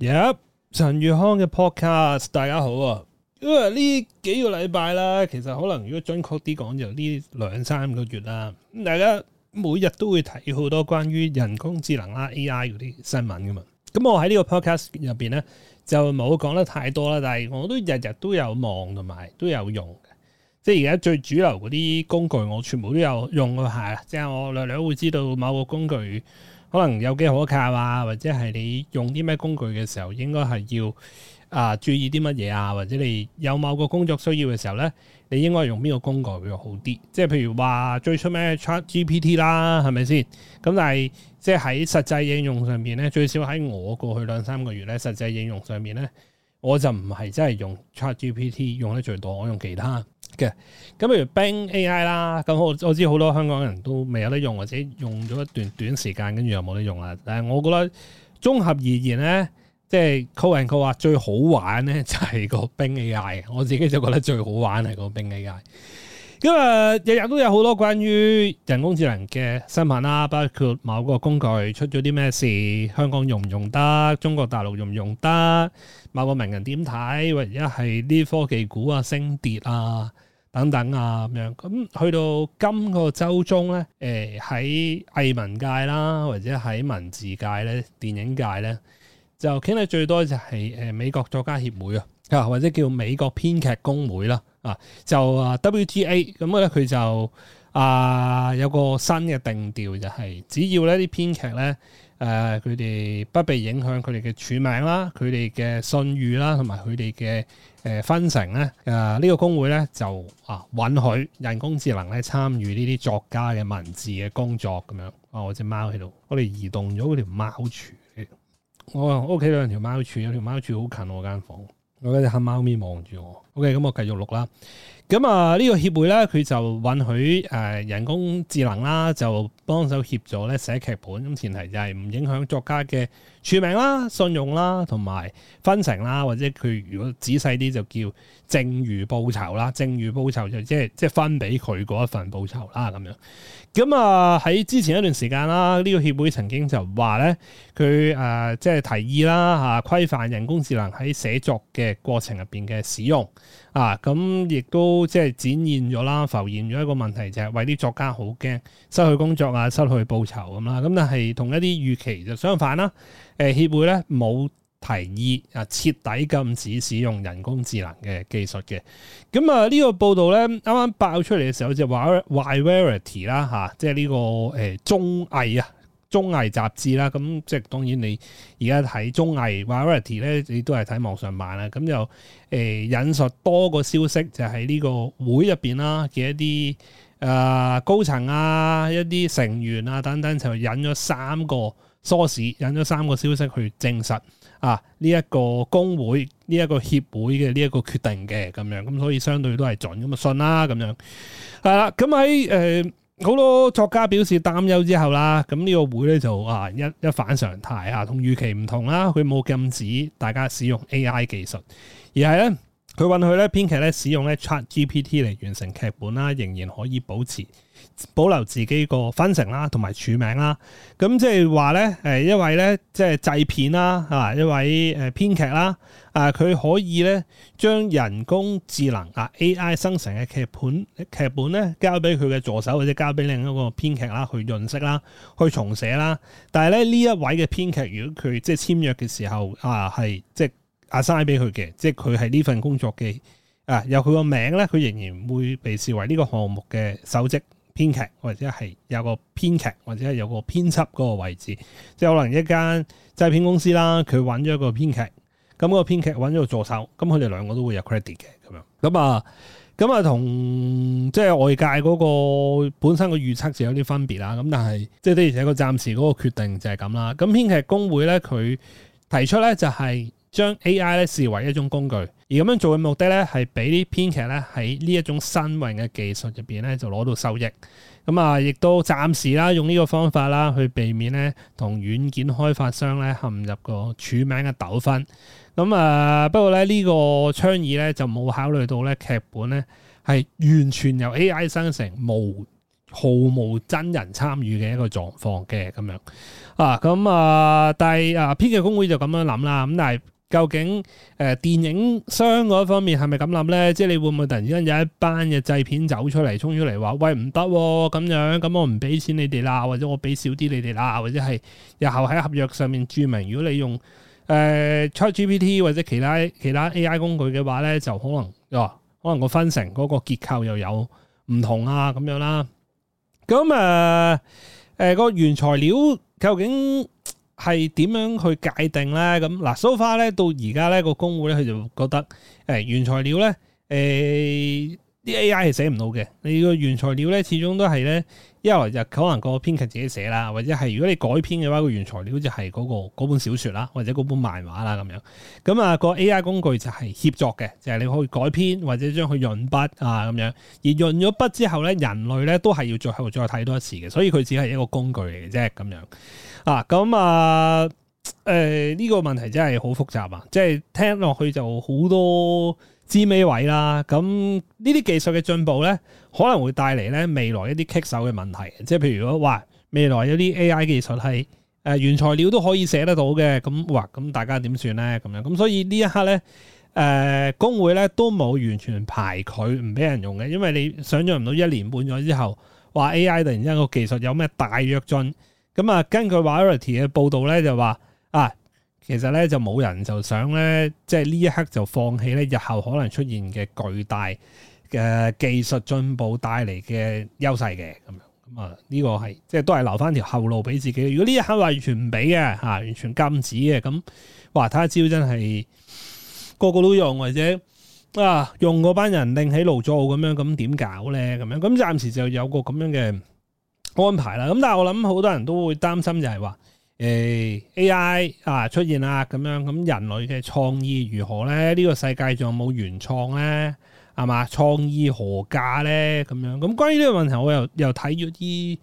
入陳裕康嘅 podcast，大家好啊！因為呢幾個禮拜啦，其實可能如果準確啲講就呢兩三個月啦。大家每日都會睇好多關於人工智能啦、AI 嗰啲新聞噶嘛。咁我喺呢個 podcast 入邊咧，就冇講得太多啦。但係我都日日都有望同埋都有用嘅。即係而家最主流嗰啲工具，我全部都有用過，係即係我略略會知道某個工具。可能有幾可靠啊，或者係你用啲咩工具嘅時候，應該係要啊、呃、注意啲乜嘢啊，或者你有某個工作需要嘅時候呢，你應該用邊個工具會好啲？即係譬如話最出名嘅 Chat GPT 啦，係咪先？咁但係即係喺實際應用上面呢，最少喺我過去兩三個月呢實際應用上面呢，我就唔係真係用 Chat GPT 用得最多，我用其他。嘅，咁，譬如冰 AI 啦，咁我我知好多香港人都未有得用，或者用咗一段短時間，跟住又冇得用啦。但係我覺得綜合而言咧，即係扣人扣話最好玩咧，就係個冰 AI。我自己就覺得最好玩係個冰 AI。咁啊，日日都有好多關於人工智能嘅新聞啦，包括某個工具出咗啲咩事，香港用唔用得，中國大陸用唔用得，某個名人點睇，或者係啲科技股啊升跌啊。等等啊咁樣，咁去到今個週中咧，誒、呃、喺藝文界啦，或者喺文字界咧、電影界咧，就傾得最多就係誒美國作家協會啊，啊，或者叫美國編劇工會啦、啊，啊就啊 WTA，咁咧佢就啊有個新嘅定調，就係只要呢啲編劇咧。誒佢哋不被影響佢哋嘅署名啦，佢哋嘅信譽啦，同埋佢哋嘅誒分成咧。誒、呃這個、呢個工會咧就啊允許人工智能咧參與呢啲作家嘅文字嘅工作咁樣。啊，我隻貓喺度，我哋移動咗嗰條貓柱。我屋企有兩條貓柱，有條貓柱好近我間房，我嗰隻黑貓咪望住我。咁、okay, 我繼續錄啦。咁啊，這個、協呢個協會咧，佢就允許誒、呃、人工智能啦，就幫手協助咧寫劇本。咁前提就係唔影響作家嘅署名啦、信用啦、同埋分成啦，或者佢如果仔細啲就叫剩餘報酬啦、剩餘報酬就即係即係分俾佢嗰一份報酬啦。咁樣。咁啊，喺之前一段時間啦，呢、這個協會曾經就話咧，佢誒即係提議啦吓規範人工智能喺寫作嘅過程入邊嘅使用。啊，咁亦都即係展現咗啦，浮現咗一個問題就係為啲作家好驚，失去工作啊，失去報酬咁啦。咁但係同一啲預期就相反啦。誒、呃、協會咧冇提議啊，徹底禁止使用人工智能嘅技術嘅。咁啊呢、呢個報道咧啱啱爆出嚟嘅時候就話 Variety 啦、啊、吓，即係呢、呢個誒綜藝啊。綜藝雜誌啦，咁即係當然你而家睇綜藝 Variety 咧，ity, 你都係睇網上版啦。咁就誒、呃、引述多個消息，就喺、是、呢個會入邊啦嘅一啲誒、呃、高層啊、一啲成員啊等等，就引咗三個 source，引咗三個消息去證實啊呢一、這個工會、呢、這、一個協會嘅呢一個決定嘅咁樣，咁所以相對都係準，咁咪信啦咁樣。係啦，咁喺誒。好咯，作家表示擔憂之後啦，咁呢個會咧就啊一一反常態啊，同預期唔同啦，佢冇禁止大家使用 AI 技術，而係咧。佢允許咧編劇咧使用咧 Chat GPT 嚟完成劇本啦，仍然可以保持保留自己個分成啦，同埋署名啦。咁即係話咧，誒一位咧即係製片啦，啊一位誒編劇啦，啊佢可以咧將人工智能啊 AI 生成嘅劇本劇本咧交俾佢嘅助手，或者交俾另一個編劇啦去潤色啦，去重寫啦。但係咧呢一位嘅編劇，如果佢即係簽約嘅時候啊，係即係。Assign 俾佢嘅，即係佢係呢份工作嘅啊，有佢個名咧，佢仍然會被視為呢個項目嘅首席編劇，或者係有個編劇，或者係有個編輯嗰個位置。即係可能一間製片公司啦，佢揾咗一個編劇，咁個編劇揾咗個助手，咁佢哋兩個都會有 credit 嘅咁樣。咁啊，咁啊，同即係外界嗰個本身個預測就有啲分別啦。咁但係，即係的而且確暫時嗰個決定就係咁啦。咁編劇工會咧，佢提出咧就係。將 A.I. 咧視為一種工具，而咁樣做嘅目的咧係俾啲編劇咧喺呢一種新穎嘅技術入邊咧就攞到收益，咁、嗯、啊，亦都暫時啦用呢個方法啦去避免咧同軟件開發商咧陷入個署名嘅糾紛，咁、嗯、啊不過咧呢個倡議咧就冇考慮到咧劇本咧係完全由 A.I. 生成，無毫無真人參與嘅一個狀況嘅咁樣啊，咁、嗯、啊、嗯、但係啊編劇工會就咁樣諗啦，咁但係。究竟誒、呃、電影商嗰方面係咪咁諗咧？即係你會唔會突然間有一班嘅製片走出嚟，衝出嚟話：喂唔得咁樣，咁我唔俾錢你哋啦，或者我俾少啲你哋啦，或者係日後喺合約上面注明，如果你用誒、呃、ChatGPT 或者其他其他 AI 工具嘅話咧，就可能啊，可能個分成嗰個結構又有唔同啊咁樣啦。咁誒誒個原材料究竟，係點樣去界定咧？咁嗱，so far 咧到而家咧，個工會咧，佢就覺得誒，原材料咧誒。啲 AI 係寫唔到嘅，你個原材料咧始終都係咧一來就可能個編劇自己寫啦，或者係如果你改編嘅話，個原材料就係嗰、那個本小説啦，或者嗰本漫畫啦咁樣。咁啊、嗰個 AI 工具就係協作嘅，就係、係、你可以改編或者將佢潤筆啊咁樣。而潤咗筆之後咧，人類咧都係要最後再睇多一次嘅，所以佢只係一個工具嚟嘅啫咁樣。啊，咁啊，誒、呃、呢、呃呢個問題真係好複雜啊，即係聽落去就好多。知尾位啦，咁呢啲技術嘅進步咧，可能會帶嚟咧未來一啲棘手嘅問題，即係譬如果話未來有啲 AI 技術係誒、呃、原材料都可以寫得到嘅，咁話咁大家點算咧？咁樣咁、嗯、所以呢一刻咧，誒、呃、工會咧都冇完全排拒唔俾人用嘅，因為你想象唔到一年半載之後話 AI 突然之間個技術有咩大躍進，咁、嗯、啊根據 Variety 嘅報導咧就話啊。其實咧就冇人就想咧，即係呢一刻就放棄咧，日後可能出現嘅巨大嘅技術進步帶嚟嘅優勢嘅，咁樣咁啊呢個係即係都係留翻條後路俾自己。如果呢一刻話完全唔俾嘅吓，完全禁止嘅，咁哇睇下招真係、呃、個個都用，或者啊用嗰班人另起爐灶咁樣，咁點搞咧？咁樣咁暫時就有個咁樣嘅安排啦。咁但係我諗好多人都會擔心就，就係話。誒、欸、AI 啊出現啦咁樣，咁人類嘅創意如何咧？呢、呢個世界上冇原創咧，係嘛？創意何價咧？咁樣咁關於呢個問題，我又又睇咗啲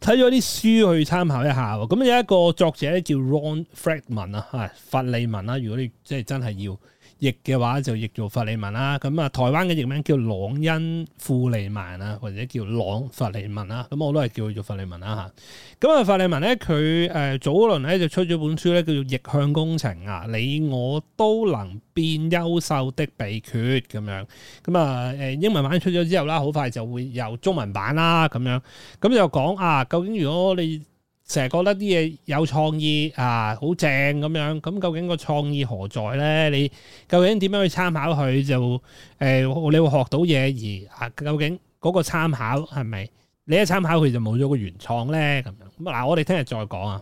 睇咗啲書去參考一下喎。咁、嗯、有一個作者咧叫 Ron Fredman 啊，嚇佛利文啦。如果你即係真係要，譯嘅話就譯做法利文啦，咁啊台灣嘅譯名叫朗恩庫利曼啊，或者叫朗佛利文啦，咁我都係叫佢做法利文啦嚇。咁啊法利文咧佢誒早輪咧就出咗本書咧，叫做逆向工程啊，你我都能變優秀的秘訣咁樣，咁啊誒英文版出咗之後啦，好快就會有中文版啦咁樣，咁就講啊究竟如果你成日覺得啲嘢有創意啊，好正咁樣，咁究竟個創意何在咧？你究竟點樣去參考佢就誒、呃，你會學到嘢而啊？究竟嗰個參考係咪你一參考佢就冇咗個原創咧？咁樣咁啊！我哋聽日再講啊。